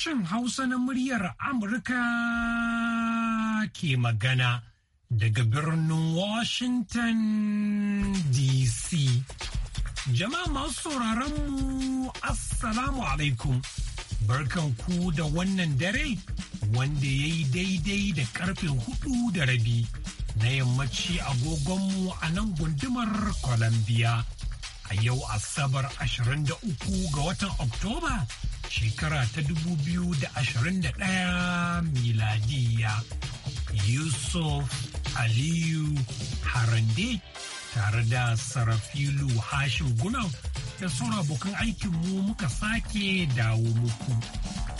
sashen Hausa na muryar Amurka ke magana daga birnin Washington DC. Jama'a masu sauraron mu Assalamu alaikum. Barkan ku da wannan dare wanda ya yi daidai da karfe hudu da rabi na yammaci agogonmu a nan gundumar Columbia. A yau Asabar 23 ga watan Oktoba shekara ta dubu biyu da da ashirin 2021 miladiya yusuf aliyu harande tare da sarafilu hashim gunan da sauran abokan aikinmu muka sake dawo muku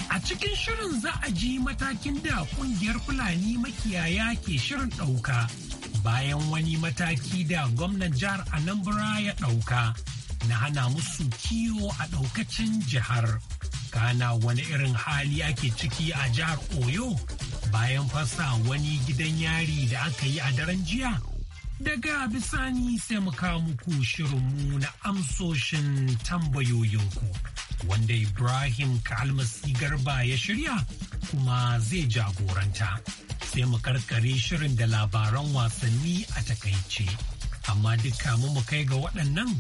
a cikin shirin za a ji matakin da kungiyar fulani makiyaya ke shirin ɗauka bayan wani mataki da gwamnan jihar anambra ya ɗauka na hana musu kiwo a ɗaukacin jihar. kana wani irin hali ake ciki a jihar oyo bayan fasa wani gidan yari da aka yi a daren jiya daga bisani sai mu kawo muku shirinmu na amsoshin tambayoyinku wanda ibrahim kalmasi garba ya shirya kuma zai jagoranta sai mu karkare shirin da labaran wasanni a takaice amma duka mu kai ga waɗannan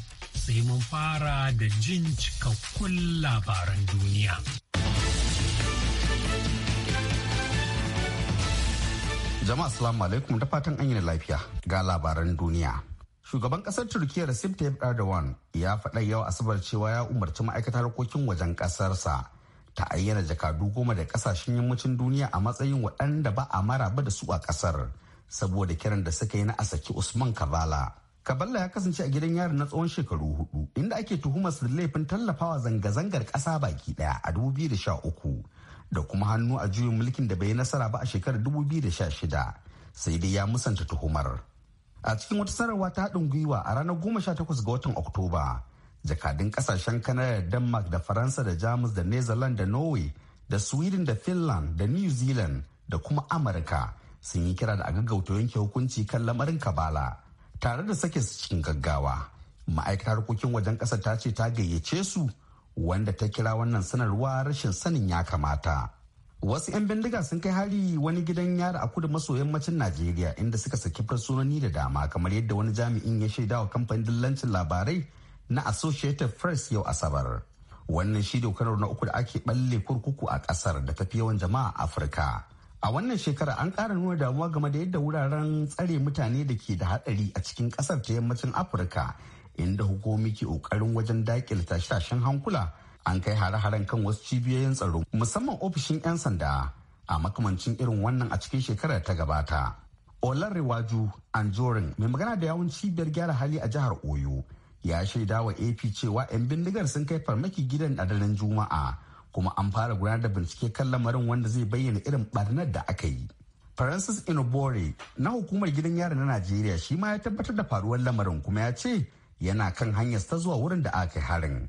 sai mun fara da jin cikakkun labaran duniya. Jama'a salamu alaikum da fatan an yi lafiya ga labaran duniya. Shugaban ƙasar Turkiyya Recep Tayyip Erdogan ya faɗa yau Asabar cewa ya umarci ma'aikatar harkokin wajen ƙasarsa ta ayyana jakadu goma da ƙasashen yammacin duniya a matsayin waɗanda ba a maraba da su a ƙasar saboda kiran da suka yi na a saki Usman Kavala. Kaballa ya kasance a gidan yari na tsawon shekaru hudu inda ake tuhumar su laifin tallafawa zanga-zangar kasa baki daya a 2013 da kuma hannu a juyin mulkin da bai nasara ba a shekarar 2016 sai dai ya musanta tuhumar. A cikin wata sanarwa ta haɗin gwiwa a ranar 18 ga watan Oktoba, jakadun kasashen Kanada da Denmark da Faransa da Jamus da Netherlands da Norway da Sweden da Finland da New Zealand da kuma Amurka sun yi kira da a gaggauta yanke hukunci kan lamarin Kabala. tare da sake su cikin gaggawa ma'aikatar harkokin wajen kasa ta ce ta gayyace su wanda ta kira wannan sanarwa rashin sanin ya kamata wasu 'yan bindiga sun kai hari wani gidan yara a kudu maso yammacin najeriya inda suka saki fursunoni da dama kamar yadda wani jami'in ya shaida wa kamfanin dillancin labarai na associated press yau asabar wannan shi dokar na uku da ake balle kurkuku a kasar da tafi yawan jama'a afirka a wannan shekara an ƙara nuna damuwa game da yadda wuraren tsare mutane da ke da haɗari a cikin ƙasar ta yammacin afirka inda hukumomi ke ƙoƙarin wajen daƙile tashe-tashen hankula an kai hare-haren kan wasu cibiyoyin tsaro musamman ofishin 'yan sanda a makamancin irin wannan a cikin shekarar ta gabata olarewaju anjorin mai magana da yawun cibiyar gyara hali a jihar oyo ya shaida wa ap cewa 'yan bindigar sun kai farmaki gidan a daren juma'a kuma an fara gudanar da bincike kan lamarin wanda zai bayyana irin barnar da aka yi francis inobore na hukumar gidan yari na najeriya shi ma ya tabbatar da faruwar lamarin kuma ya ce yana kan hanyar ta zuwa wurin da aka yi harin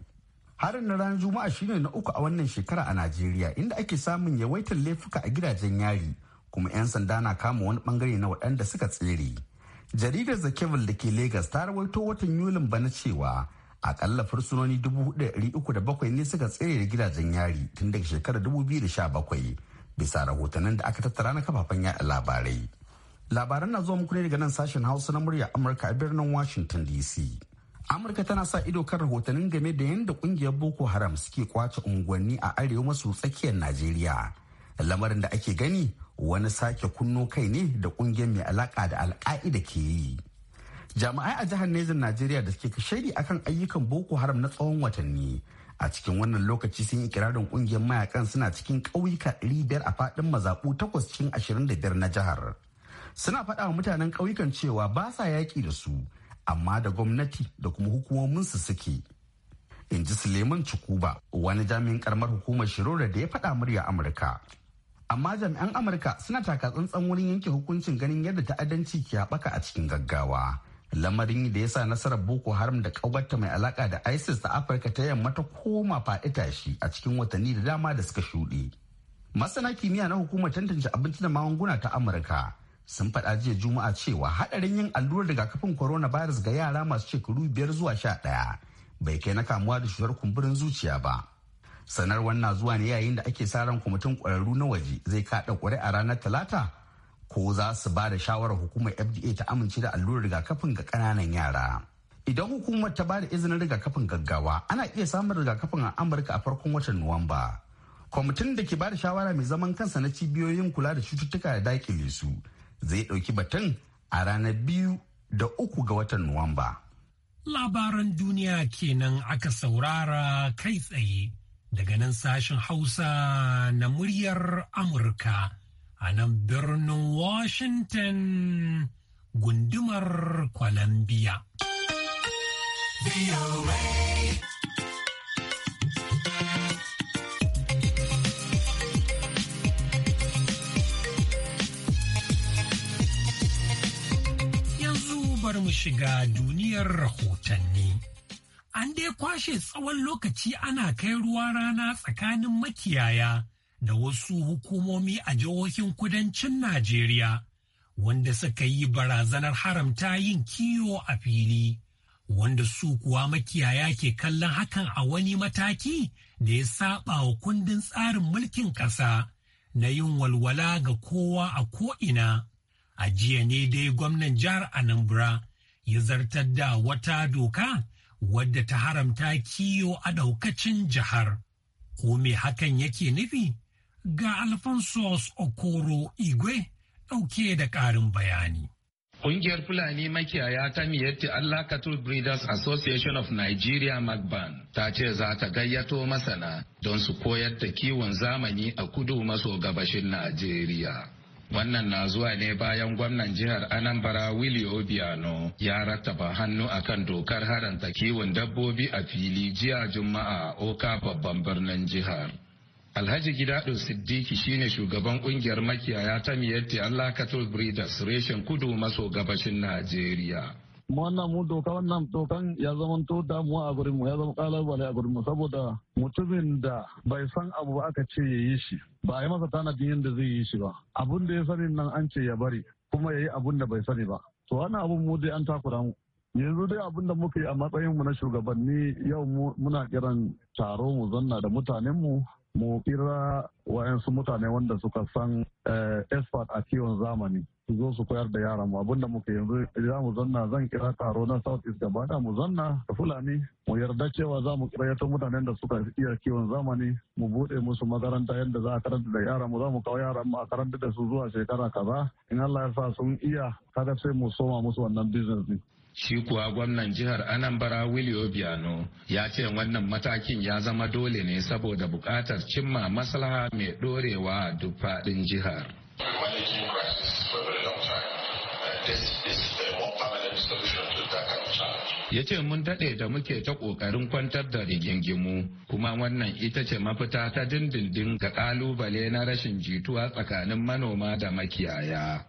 harin na ranar juma'a shine na uku a wannan shekara a najeriya inda ake samun yawaitar laifuka a gidajen yari kuma 'yan sanda na kama wani bangare na waɗanda suka tsere jaridar the da ke Legas ta rawaito watan yulin bana cewa akalla fursunoni 4,307 ne suka tsere da gidajen yari tun daga shekarar 2017 bisa rahotannin da aka tattara na kafafen yada labarai labaran na zuwa muku ne daga nan sashen hausa na murya amurka a birnin washington dc amurka tana sa ido kan rahotannin game da yadda kungiyar boko haram suke kwace unguwanni a arewa maso tsakiyar najeriya lamarin da ake gani wani sake kunno kai ne da kungiyar mai alaƙa da alka'ida ke yi jami'ai a jihar Nezin Najeriya da suke a akan ayyukan Boko Haram na tsawon watanni a cikin wannan lokaci sun yi kirarin kungiyar mayakan suna cikin ƙauyuka 500 a faɗin mazaɓu takwas cikin ashirin biyar na jihar. Suna faɗa wa mutanen ƙauyukan cewa ba sa yaƙi da su amma da gwamnati da kuma hukumomin su suke. In ji Suleiman Cukuba wani jami'in karamar hukumar Shirora da ya faɗa murya Amurka. Amma jami'an Amurka suna taka tsantsan wurin yanke hukuncin ganin yadda ta'addanci ke haɓaka a cikin gaggawa. lamarin da ya sa nasarar boko haram da ƙaubarta mai alaka da isis ta afirka ta yamma ta koma faɗi shi a cikin watanni da dama da suka shuɗe masana kimiyya na hukumar tantance abinci da magunguna ta amurka sun faɗa jiya juma'a cewa haɗarin yin allurar rigakafin coronavirus ga yara masu shekaru biyar zuwa sha ɗaya bai kai na kamuwa da cutar kumburin zuciya ba sanarwar na zuwa ne yayin da ake sa ran kwamitin ƙwararru na waje zai kaɗa a ranar talata ko za su ba da shawarar hukumar fda ta amince da allurar rigakafin ga kananan yara idan hukumar ta ba da izinin rigakafin gaggawa ana iya samun rigakafin a amurka a farkon watan nuwamba kwamitin da ke ba da shawara mai zaman kansa na cibiyoyin kula da cututtuka da dakile su zai ɗauki batun a ranar biyu da uku ga watan nuwamba labaran duniya kenan aka saurara kai tsaye daga nan sashen hausa na muryar amurka a nan birnin Washington gundumar Columbia. Yanzu bari mu shiga duniyar rahotanni. An dai kwashe tsawon lokaci ana kai ruwa rana tsakanin makiyaya. da wasu hukumomi a jihohin kudancin Najeriya wanda suka yi barazanar haramta yin kiwo a fili, wanda su kuwa makiyaya ke kallon hakan a wani mataki da ya saba wa kundin tsarin mulkin ƙasa na yin walwala ga kowa a ko'ina. A jiya ne dai gwamnan jihar Anambra ya zartar da wata doka wadda ta haramta kiwo a ɗaukacin jihar. Ko me hakan yake nufi? ga alphonsus okoro igwe ɗauke da ƙarin bayani Ƙungiyar Fulani makiyaya ta miyatti Allah Cattle Breeders Association of Nigeria Magban ta ce za ta gayyato masana don su koyar da kiwon zamani a kudu maso gabashin Najeriya. wannan na zuwa ne bayan gwamnan jihar anambra willie obiano ya rattaba hannu akan dokar haranta kiwon dabbobi a fili jiya juma'a oka babban birnin jihar Alhaji Gidado Siddiki shine shugaban ƙungiyar makiyaya ta miyatti Allah Cattle Breeders reshen kudu maso gabashin Najeriya. wannan mu doka wannan dokan ya zamanto damuwa a gurin mu ya zama kalabale a gurin mu saboda mutumin da bai san abu ba aka ce ya yi shi ba a yi masa tanadin yadda zai yi shi ba abun da ya sani nan an ce ya bari kuma ya yi abun da bai sani ba to wannan abun mu dai an takura mu yanzu dai abun da muke a matsayin mu na shugabanni yau muna kiran taro mu zanna da mutanen mu. mu kira wa'yansu mutane wanda suka san eh, expert a kiwon zamani su zo su koyar da yaran mu abinda muke yanzu za mu zanna zan kira taro na south east gaba da mu zanna da fulani mu yarda cewa za mu kira mutanen da suka iya kiwon zamani mu bude musu makaranta yadda za a karanta da yaran mu za mu kawo yaran mu a karanta da su zuwa shekara kaza in Allah ya sa sun iya kada sai mu soma musu wannan business ne Shi kuwa gwamnan jihar Anambra Willie Obiano ya ce wannan matakin ya zama dole ne saboda buƙatar cimma maslaha mai ɗorewa a duk faɗin jihar. ya ce mun daɗe da muke ta ƙoƙarin kwantar da rigingimu kuma wannan ita ce mafita ta dindindin ga ƙalubale na rashin jituwa tsakanin manoma da makiyaya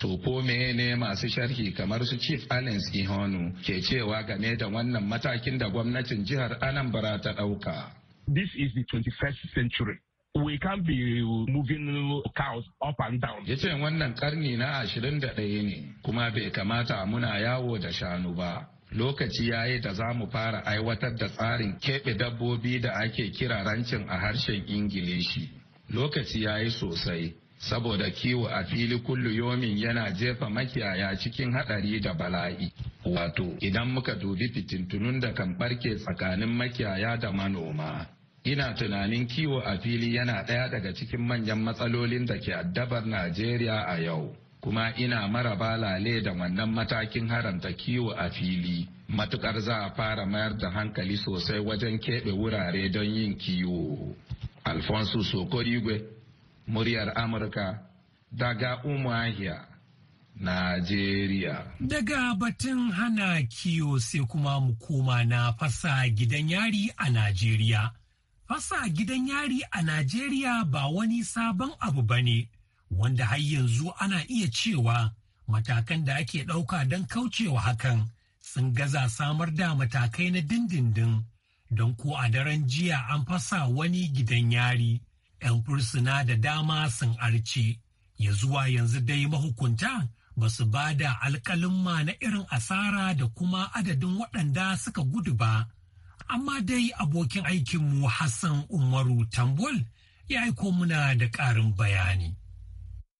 To ko ne masu sharhi kamar su Chief Allen Ihonu ke cewa game da wannan matakin da gwamnatin jihar Anambra ta ɗauka. This is the 21st century. we can be moving cows up and down. Ya ce wannan karni na ashirin ɗaya ne kuma bai kamata muna yawo da shanu ba. Lokaci ya yi da za mu fara aiwatar da tsarin keɓe dabbobi da ake kira rancin a harshen Ingilishi. Lokaci ya yi sosai. saboda kiwo a fili kullu yomin yana jefa makiyaya cikin haɗari da bala'i. Wato, idan muka dubi fitintunun da kan barke tsakanin makiyaya da manoma. Ina tunanin kiwo a fili yana ɗaya daga cikin manyan matsalolin da ke addabar Najeriya a yau. Kuma ina mara balale da wannan matakin haramta kiwo a fili. Matukar za a fara mayar da hankali sosai wajen keɓe wurare don yin kiwo. Alfonso Sokorigwe muryar Amurka daga Umuahia, Najeriya. Daga batun hana kiyo sai kuma mu koma na fasa gidan yari a Najeriya. Fasa gidan yari a Najeriya ba wani sabon abu ba ne, wanda har yanzu ana iya cewa matakan da ake ɗauka don kaucewa hakan sun gaza samar da matakai na dindindin don ko a daren jiya an fasa wani gidan yari. 'yan fursuna da dama sun arce ya zuwa yanzu dai mahukunta ba su ba da alkalinma na irin asara da kuma adadin waɗanda suka gudu ba amma dai abokin aikinmu hassan umaru tambol ya aiko muna da ƙarin bayani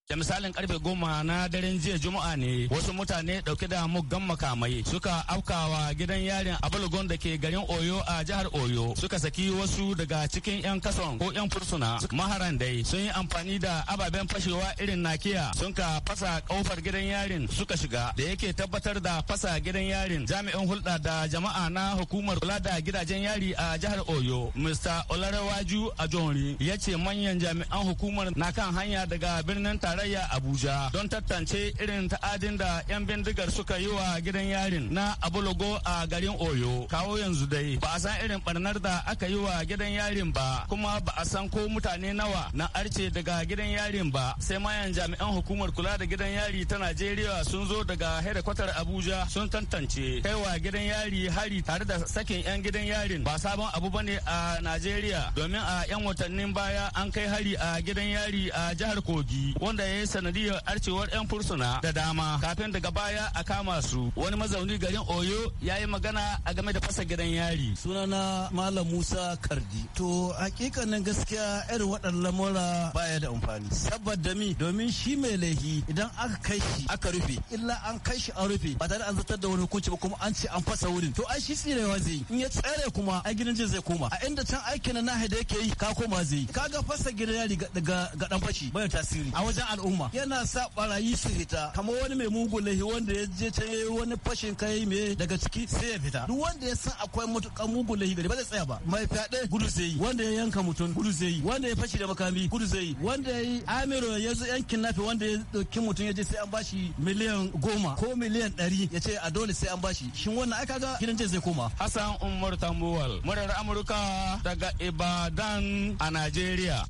da misalin karfe goma na daren jiya juma'a ne wasu mutane dauke da muggan makamai suka afkawa gidan yarin a abulugon da ke garin oyo a jihar oyo suka saki wasu daga cikin yan kason ko yan fursuna maharan dai sun yi amfani da ababen fashewa irin nakiya sun ka fasa kofar gidan yarin suka shiga da yake tabbatar da fasa gidan yarin jami'in hulɗa da jama'a na hukumar kula da gidajen yari a jihar oyo mr olarawaju ajonri ya ce manyan jami'an hukumar na kan hanya daga birnin tare tarayya Abuja don tantance irin ta'adin da 'yan bindigar suka yi wa gidan yarin na abulogo a garin Oyo. Kawo yanzu dai ba a san irin barnar da aka yi wa gidan yarin ba kuma ba a san ko mutane nawa na arce daga gidan yarin ba sai mayan jami'an hukumar kula da gidan yari ta Najeriya sun zo daga hedikwatar Abuja sun tantance kai wa gidan yari hari tare da sakin 'yan gidan yarin ba sabon abu bane a Najeriya domin a 'yan watannin baya an kai hari a gidan yari a jihar Kogi wanda ya sanadiyar arcewar 'yan fursuna da dama kafin daga baya a kama su wani mazauni garin oyo ya yi magana a game da fasa gidan yari sunana malam musa kardi to hakikanin gaskiya irin waɗannan lamura baya da amfani saboda mi domin shi mai laifi idan aka kai shi aka rufe illa an kai shi an rufe ba tare an zartar da wani hukunci ba kuma an ce an fasa wurin to ai shi tsirewa zai in ya tsare kuma a gidan jin zai koma a inda can aikin na nahi da yake yi ka koma zai k'a kaga fasa gidan yari ga dan fashi bayan tasiri a wajen al'umma yana sa barayi su fita kamar wani mai mugun lahi wanda ya je can yayi wani fashin kai me daga ciki sai ya fita duk wanda ya san akwai mutukan mugun lahi gari ba zai tsaya ba mai fyaɗe gudu zai yi wanda ya yanka mutum gudu zai yi wanda ya fashi da makami gudu zai yi wanda ya yi amiro ya zo yan kidnapping wanda ya ɗauki mutum ya je sai an bashi miliyan goma ko miliyan ɗari ya ce a dole sai an bashi shin wannan aka ga gidan zai koma. Hassan Umar Tambuwal, murar Amurka daga Ibadan a Najeriya.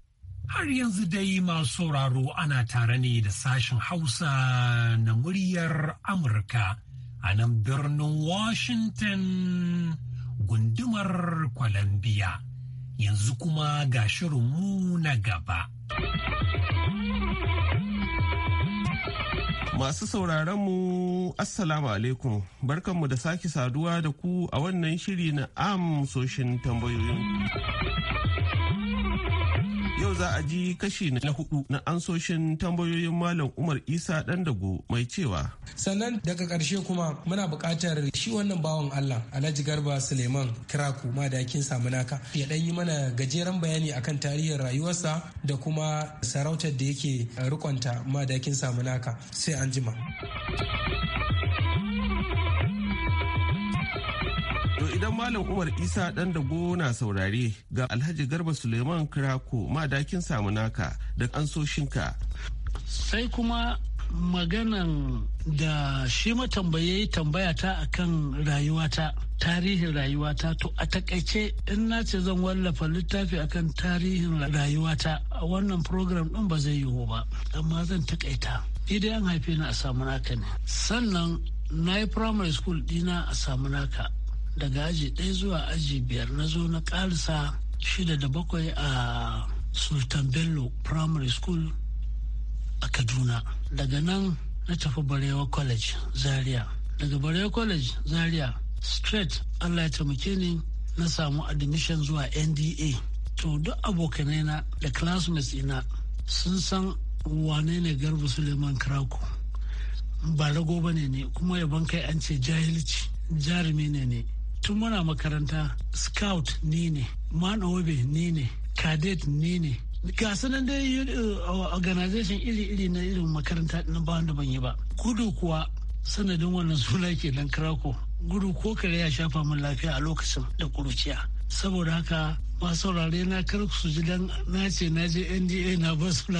Har yanzu dai masu sauraro ana tare ne da sashen Hausa na muryar Amurka a nan birnin Washington gundumar Columbia. Yanzu kuma ga shirinmu na gaba. Masu sauraron mu Assalamu alaikum barkanmu da sake saduwa da ku a wannan shiri na amsoshin tambayoyin. za a ji kashi na hudu na ansoshin tambayoyin Malam Umar Isa Dandago mai cewa. Sannan daga karshe kuma muna buƙatar shi wannan bawan Allah Alhaji Garba Suleiman Kiraku ma da yakin samu naka ya dan yi mana gajeren bayani akan tarihin rayuwarsa da kuma sarautar da yake rikonta ma da yakin samu naka sai an jima. To idan Malam Umar Isa ɗan da gona saurare ga Alhaji Garba Suleiman Kirako madakin samunaka da ansoshinka. Sai kuma maganan da shi matambaye tambaya ta akan rayuwata tarihin rayuwata to a takaice in na ce zan wallafa littafi akan tarihin rayuwata a wannan program ɗin ba zai yiwu ba amma zan takaita idan an haife ni a samunaka ne sannan na yi primary school dina a samunaka daga aji ɗaya zuwa aji biyar na zo na ƙarisa shida da bakwai a sultan bello primary school a kaduna daga nan na tafi barewa college zaria daga barewa college zaria straight allah ya taimake ni na samu admission zuwa nda to duk abokanai na da classmates ina sun san wane ne garba suleiman krako ba rago ba ne ne kuma yaban kai an ce jahilci jarumi ne ne tun muna makaranta scout ni ne man obe ni ne cadet ni ne ga nan dai uh, uh, organization iri-iri na irin makaranta na ba wanda ban yi ba gudu kuwa sanadin wannan suna ke nan krako gudu ko kare ya shafa min lafiya a lokacin da kuruciya saboda haka ba saurare na kar su ji dan na ce na je nda na basu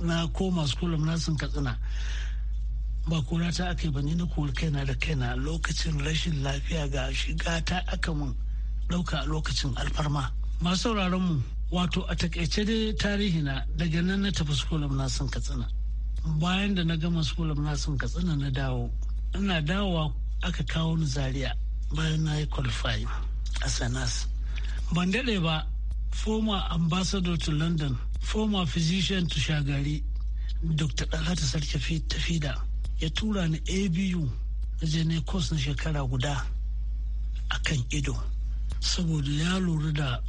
na koma school na sun katsina ba kora ta aka yi ba ni na kori kaina da kaina lokacin rashin lafiya ga shiga ta aka mun ɗauka a lokacin alfarma masu sauraron mu wato a takaice dai tarihi na daga nan na tafi sukulam na sun katsina bayan da na gama sukulam na sun katsina na dawo ina dawowa aka kawo ni zaria bayan na yi qualify a sanas ban daɗe ba former ambassador to london former physician to shagari dr dalata sarki tafida ya tura ni abu je ne kos na shekara guda a kan ido saboda ya lura da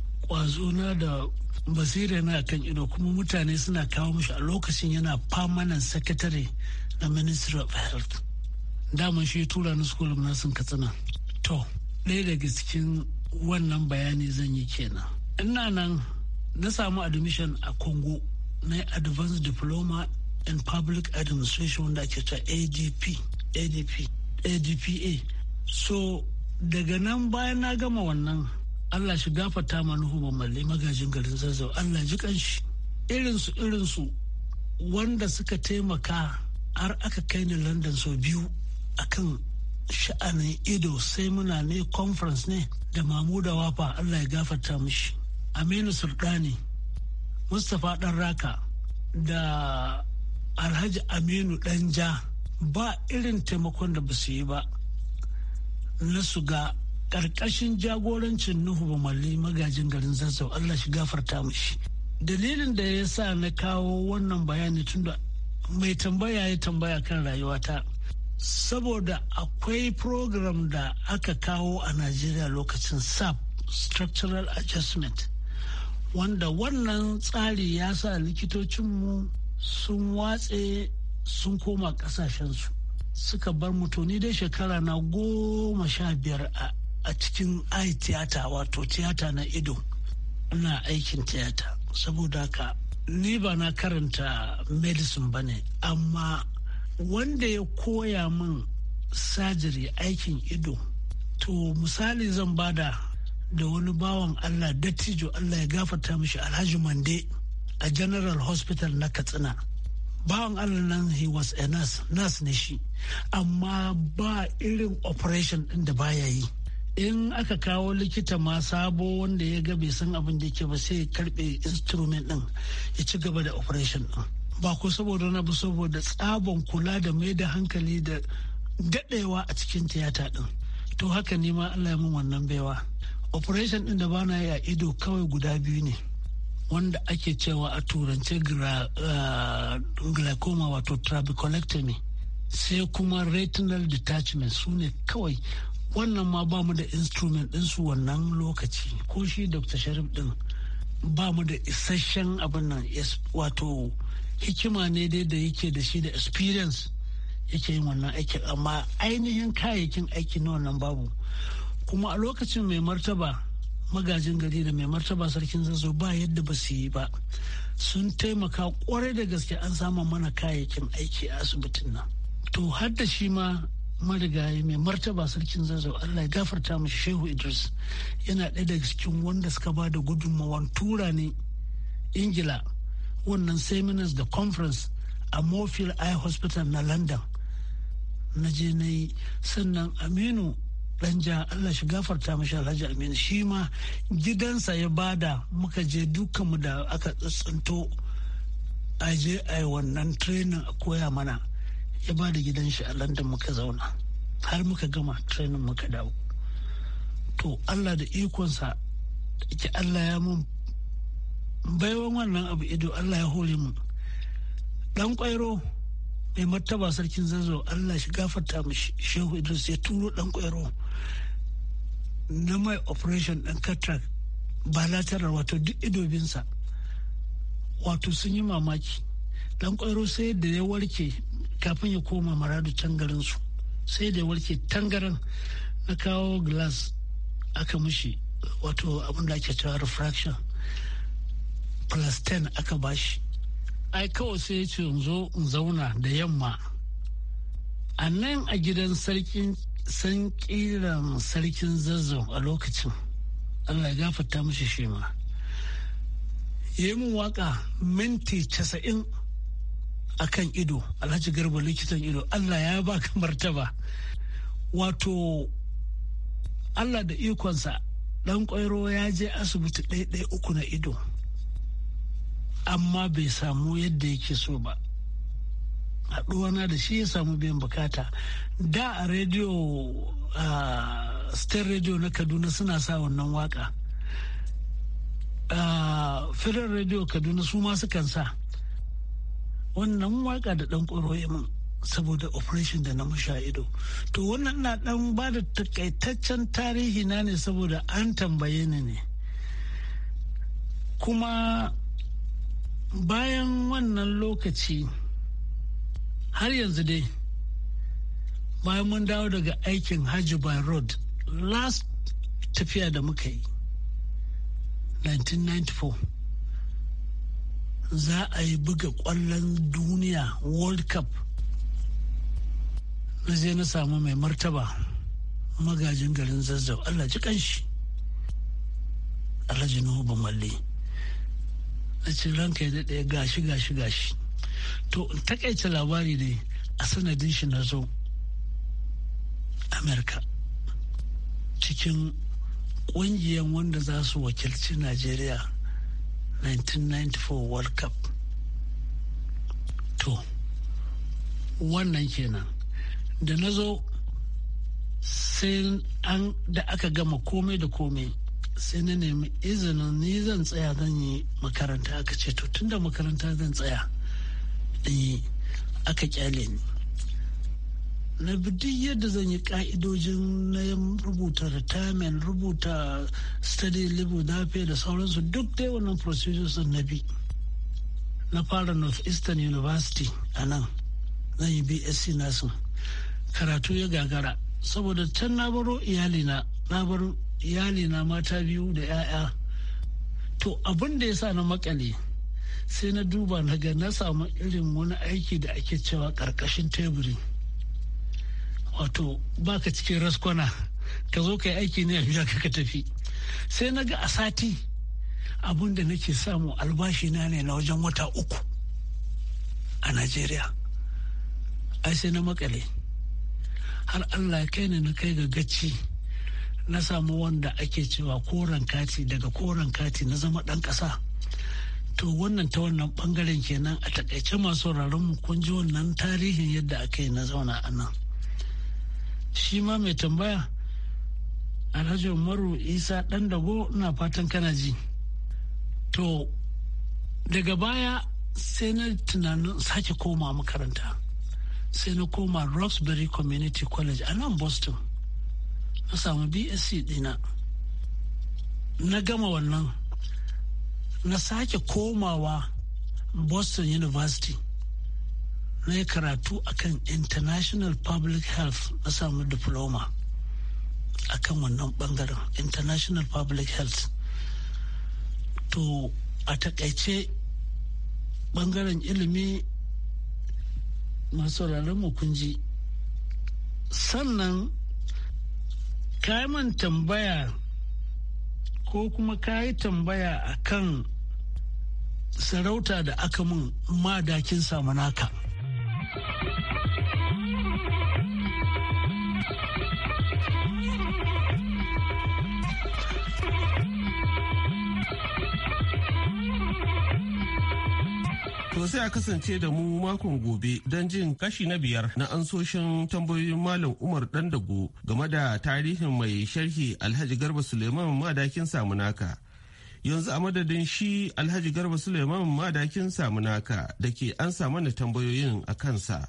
na da basira na kan ido kuma mutane suna kawo mashi a lokacin yana permanent secretary na ministry of health daman shi tura ni school na sun katsina to ɗaya daga cikin wannan bayani zan yi kenan ina nan na samu admission a congo na advanced diploma and public administration wanda ake cewa adp adp adpa so daga nan bayan na gama wannan allah shi gafata ma nuhu mamalle magajin garin zazzau allah ji kanshi irinsu irinsu wanda suka taimaka har aka kai ni london sau biyu akan sha'anin ido sai muna ne conference ne da mamuda wafa allah ya gafata mishi aminu sultani mustapha dan raka da alhaji aminu danja ba irin taimakon da ba su yi ba na su ga ƙarƙashin jagorancin nuhu ba malli magajin garin zazzau allah shi gafarta mushi dalilin da ya sa na kawo wannan bayani tun da mai tambaya ya tambaya kan rayuwata saboda akwai program da aka kawo a najeriya lokacin sap structural adjustment wanda wannan tsari ya sa likitocinmu sun watse sun koma kasashensu suka bar ni dai shekara na goma sha biyar a cikin ai tiyata wato tiyata na ido ina aikin tiyata saboda ka. ni ba na karanta medicine ba ne amma wanda ya koya min sajiri aikin ido to misali zan bada da wani bawan allah dattijo allah ya gafata mishi alhaji mande a general hospital na katsina bawan allah nan he was a nurse nurse ne shi amma ba irin operation din da baya yi in aka kawo likita ma sabo wanda ya ga bai san abin da yake ba sai ya karbe instrument din ya ci gaba da operation din ba ko saboda na ba saboda tsabon kula da mai da hankali da dadewa a cikin tiyata din to haka ne ma allah ya min wannan baiwa operation din da bana yi a ido kawai guda biyu ne wanda ake cewa a turance uh, glaucoma wato trabeculectomy sai kuma retinal detachment su ne kawai wannan ma ba mu da instrument ɗinsu wannan lokaci ko shi dr sharif din ba mu da isasshen abin nan wato hikima ne dai da yake da shi da experience yake yin wannan aikin amma ainihin kayayyakin aiki na wannan babu kuma a lokacin mai martaba magajin gari da mai martaba sarkin zazzau ba yadda ba su yi ba sun taimaka kwarai da gaske an sama mana kayayyakin aiki a asibitin nan to har da shi ma marigayi mai martaba sarkin zazzau allah ya gafarta mu shehu idris yana ɗaya daga cikin wanda suka ba da gudunmawan tura ne ingila wannan seminars da conference a mofil eye hospital na london na je na yi sannan aminu jihar Allah shi gafarta mashi Alhaji Aminu shi ma gidansa ya bada muka je dukanmu da aka tsantsanto a je a yi wannan training a koya mana ya bada gidan shi a London muka zauna har muka gama training muka dawo to Allah da ikonsa ki Allah ya mun baiwan wannan abu ido Allah ya hore mu dan kwairo mai martaba sarkin zazzau Allah shi gafarta mu shehu Idris ya turo dan kwairo na mai operation ɗin cataract bilateral wato duk idobinsa wato sun yi mamaki ɗan ƙwaro sai da ya warke kafin ya koma maradu tangarinsu su sai da ya warke tangaran na kawo glass aka mushi wato abin da ake cewa refraction plus 10 aka bashi ai kawai sai ya ce zo zauna da yamma a nan a gidan sarkin san kiran sarkin zazzau a lokacin allah ya gafarta mashi shi ma ya yi min waka minti casa'in a kan ido alhaji garba likitan ido allah ya ba ka martaba wato allah da ikonsa dan kwairo ya je asibiti ɗaya uku na ido amma bai samu yadda yake so ba haɗuwana da shi ya samu biyan bukata da a rediyo a state radio na kaduna suna sa wannan waka a federal radio kaduna su ma sukan sa wannan waka da ɗan ya mun saboda operation da na musha ido to wannan na ɗan ba da takaitaccen tarihi na ne saboda an tambaye ni ne kuma bayan wannan lokaci har yanzu dai bayan mun dawo daga aikin hajji by road last tafiya da muka yi 1994 za a yi buga kwallon duniya world cup na je na samu mai martaba magajin garin zazzau allah ji kanshi alhaji nuhu bamalle a ce ranka ya daɗe gashi gashi gashi to takaice labari ne a sanadin shi na zo amerika cikin ƙungiyar wanda za su wakilci najeriya 1994 world cup to wannan kenan da na zo sai an da aka gama komai da komai sai na nemi izinin ni zan tsaya zan yi makaranta aka ce to tunda makaranta zan tsaya ɗaya aka kyale ni na bi duk yadda zan yi ka'idojin na rubuta retirement rubuta study libu dafe da sauransu duk dai wannan procedures na bi na fara northeastern university a nan zan yi bsc nasin karatu ya gagara saboda can na baro iyalina na baro iyalina mata biyu da 'ya'ya to abin da ya sa na makale sai na duba na ga na samu irin wani aiki da ake cewa karkashin teburi wato baka cikin raskwana ka zo ka yi aiki ne a ka tafi sai na ga a sati abun da nake samu albashi na ne na wajen wata uku a najeriya ai sai na makale har allah ya kai ne na kai ga gaci na samu wanda ake cewa koren kati daga koren kati na zama ɗan ƙasa to wannan ta wannan bangaren kenan a takaice masu mu kun ji wannan tarihin yadda aka yi na zauna a nan shi ma mai tambaya alhaji umaru isa ɗan dago na fatan kana ji to daga baya sai na tunanin sake koma makaranta sai na koma roxbury community college a nan boston na samu bsc dina na gama wannan na sake komawa boston university na karatu akan international public health na samu diploma akan wannan bangaren international public health to a takaice bangaren ilimi masu mu kunji sannan kayan tambaya ko kuma kayi tambaya akan sarauta da aka mun madakin samunaka. naka sai a kasance da mu makon gobe don jin kashi na biyar na ansoshin tambayoyin Malam Umar Dandago game da tarihin mai sharhi Alhaji Garba Suleiman Madakin Samunaka yanzu a madadin shi alhaji garba suleiman madakin samunaka da ke an samu na tambayoyin a kansa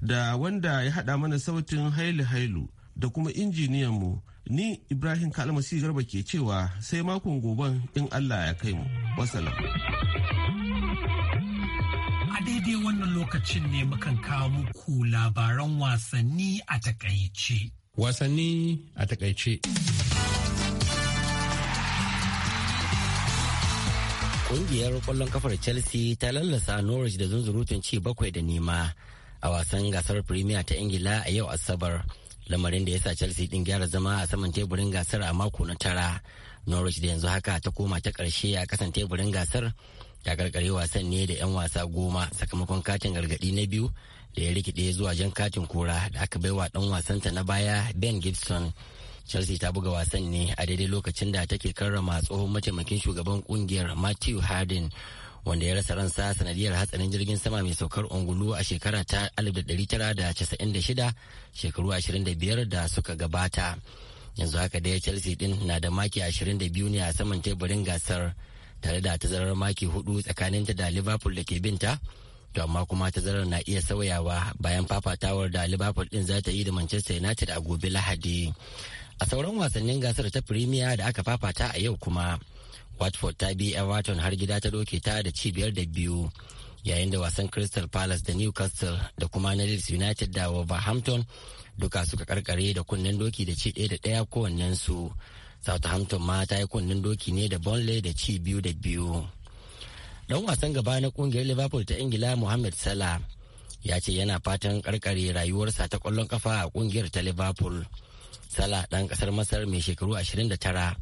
da wanda ya haɗa mana sautin hailu hailu da kuma injiniyanmu ni ibrahim kalmasi garba ke cewa sai makon goben in allah ya kai mu wasalam a daidai wannan lokacin ne mukan kawo muku labaran wasanni a takaice wasanni a takaice Kungiyar kwallon kafar Chelsea ta lallasa Norwich da zunzurutun ci bakwai da nema a wasan gasar Premier ta Ingila a yau Asabar. Lamarin da ya sa Chelsea din gyara zama a saman teburin gasar a mako na tara. Norwich da yanzu haka ta koma ta karshe a kasan teburin gasar ta karkare wasan ne da 'yan wasa goma sakamakon katin gargadi na biyu da ya rikide zuwa jan katin kura da aka baiwa dan wasanta na baya Ben Gibson. chelsea ta buga wasan ne a daidai lokacin da take karrama tsohon mataimakin shugaban kungiyar matthew harden wanda ya rasa ransa sanadiyar hatsarin jirgin sama mai saukar ungulu a shekara ta 1996 shekaru 25 da suka gabata yanzu haka dai chelsea din na da maki 22 ne a saman teburin gasar tare da tazarar maki hudu tsakaninta da liverpool da ke binta to amma kuma tazarar na iya sauyawa bayan fafatawar da liverpool din za ta yi da manchester united a gobe lahadi a sauran wasannin gasar ta firimiya da aka fafata a yau kuma watford ta bi everton har gida ta doke ta da cibiyar da biyu yayin da wasan crystal palace da newcastle da kuma na leeds united da wolverhampton duka suka karkare da kunnen doki da ci ɗaya da ɗaya kowannensu southampton ma ta yi kunnen doki ne da burnley da ci biyu da biyu dan wasan gaba na kungiyar liverpool ta ingila mohamed salah ya ce yana fatan karkare rayuwarsa ta kwallon kafa a kungiyar ta liverpool Salah ɗan ƙasar Masar mai shekaru 29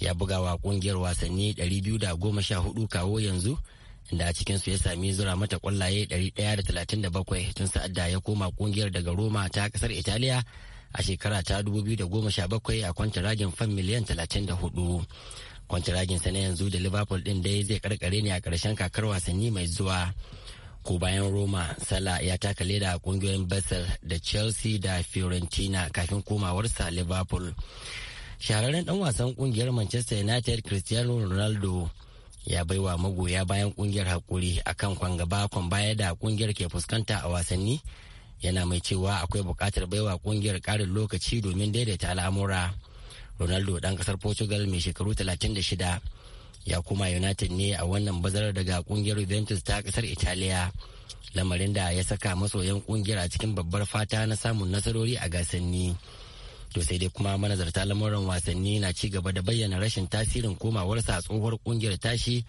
ya buga wa ƙungiyar wasanni 214 kawo yanzu inda a cikinsu ya sami zura mata ƙwallaye 137 tun sa'ad da ya koma ƙungiyar daga Roma ta kasar Italiya a shekara ta 2017 a kwantaragin fan miliyan 34. Kwantaragin sa na yanzu da Liverpool ɗin dai zai karkare ne a karshen kakar wasanni mai zuwa. ko bayan roma sala ya taka leda a kungiyoyin basel da chelsea da fiorentina kafin komawarsa liverpool shahararren dan wasan kungiyar manchester united cristiano ronaldo ya baiwa magoya bayan kungiyar hakuri akan kwangaba kwan baya da kungiyar ke fuskanta a wasanni yana mai cewa akwai bukatar baiwa kungiyar karin lokaci domin daidaita al'amura ronaldo dan kasar portugal mai shekaru 36 ya koma united ne a wannan bazarar daga kungiyar juventus ta kasar italiya lamarin da ya saka masoyan kungiyar a cikin babbar fata na samun nasarori a gasanni to sai dai kuma manazarta lamuran wasanni na ci gaba da bayyana rashin tasirin komawarsa a tsohuwar kungiyar tashi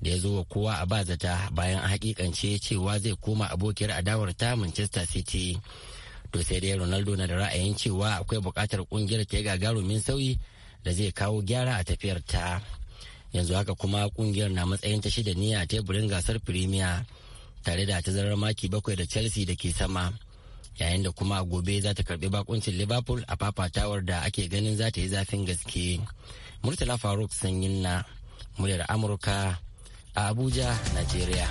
da ya zo wa kowa a ba zata bayan a hakikance cewa zai koma abokiyar adawar ta manchester city to sai dai ronaldo na da ra'ayin cewa akwai bukatar kungiyar ta yi gagarumin sauyi da zai kawo gyara a tafiyar ta. yanzu haka kuma kungiyar na matsayin ta shida ne a teburin gasar premier tare da tazarar maki bakwai da chelsea da ke sama yayin da kuma gobe za ta karbi bakuncin liverpool a fafatawar da ake ganin za ta yi zafin gaske murtala faruk sanyin na muryar amurka a abuja nigeria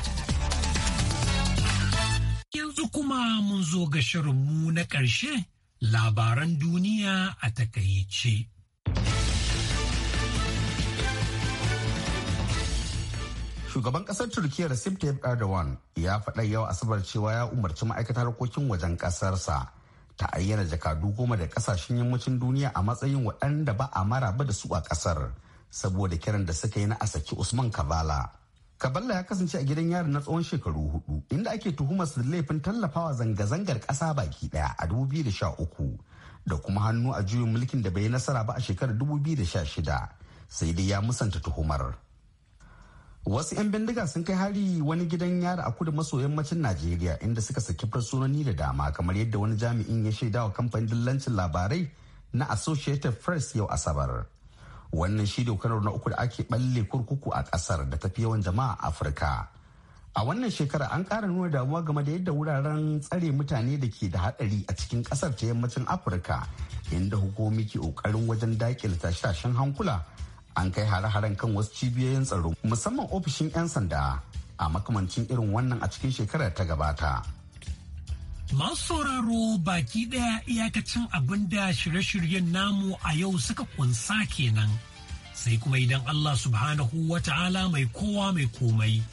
yanzu kuma mun zo ga shirinmu na ƙarshe labaran duniya a takaice. Shugaban kasar Turkiyya Recep Tayyip Erdogan ya faɗa yau Asabar cewa ya umarci ma'aikatar harkokin wajen ƙasarsa ta ayyana jakadu goma da ƙasashen yammacin duniya a matsayin waɗanda ba a maraba da su a ƙasar saboda kiran da suka yi na a saki Usman Kabala. Kabala ya kasance a gidan yari na tsawon shekaru hudu inda ake tuhumar su laifin tallafawa zanga-zangar ƙasa baki ɗaya a 2013 da kuma hannu a juyin mulkin da bai yi nasara ba a shekarar 2016 sai dai ya musanta tuhumar. wasu 'yan bindiga sun kai hari wani gidan yara a kudu maso yammacin najeriya inda suka saki fursunoni da dama kamar yadda wani jami'in ya shaida wa kamfanin dillancin labarai na associated press yau asabar wannan shi dokarar na uku da ake balle kurkuku a kasar da tafi yawan jama'a afirka a wannan shekara an ƙara nuna damuwa game da yadda wuraren tsare mutane da ke da hadari a cikin kasar ta yammacin afirka inda hukumomi ke ƙoƙarin wajen daƙile tashe-tashen hankula an kai hare-haren kan wasu cibiyoyin tsaro musamman ofishin 'yan sanda a makamancin irin wannan a cikin shekarar ta gabata. Masu sauraro baki ɗaya iyakacin abin da shirye-shiryen namu a yau suka kunsa kenan. Sai kuma idan Allah subhanahu wa ta'ala mai kowa mai komai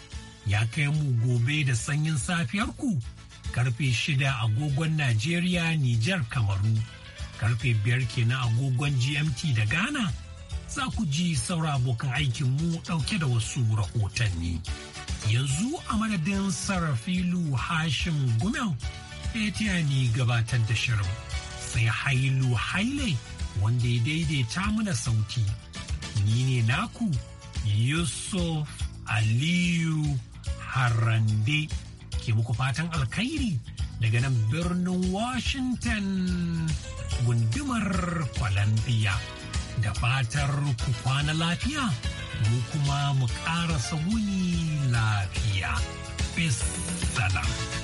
ya kai mu gobe da sanyin safiyarku karfe shida agogon Najeriya, Nijar, Kamaru. Karfe biyar kenan agogon GMT da Ghana. za ku ji saura abokan aikinmu ɗauke da wasu rahotanni. Yanzu a madadin Sarafilu Hashim Gumel, ɗaya ne gabatar da shirin. Sai Hailu Haile wanda ya daidaita mana sauti. Ni ne naku Yusuf Aliyu Harande ke muku fatan alkhairi daga nan birnin Washington gundumar Columbia. da fatar ku kwana lafiya mu kuma mu ƙara sabuni lafiya. Peace salam.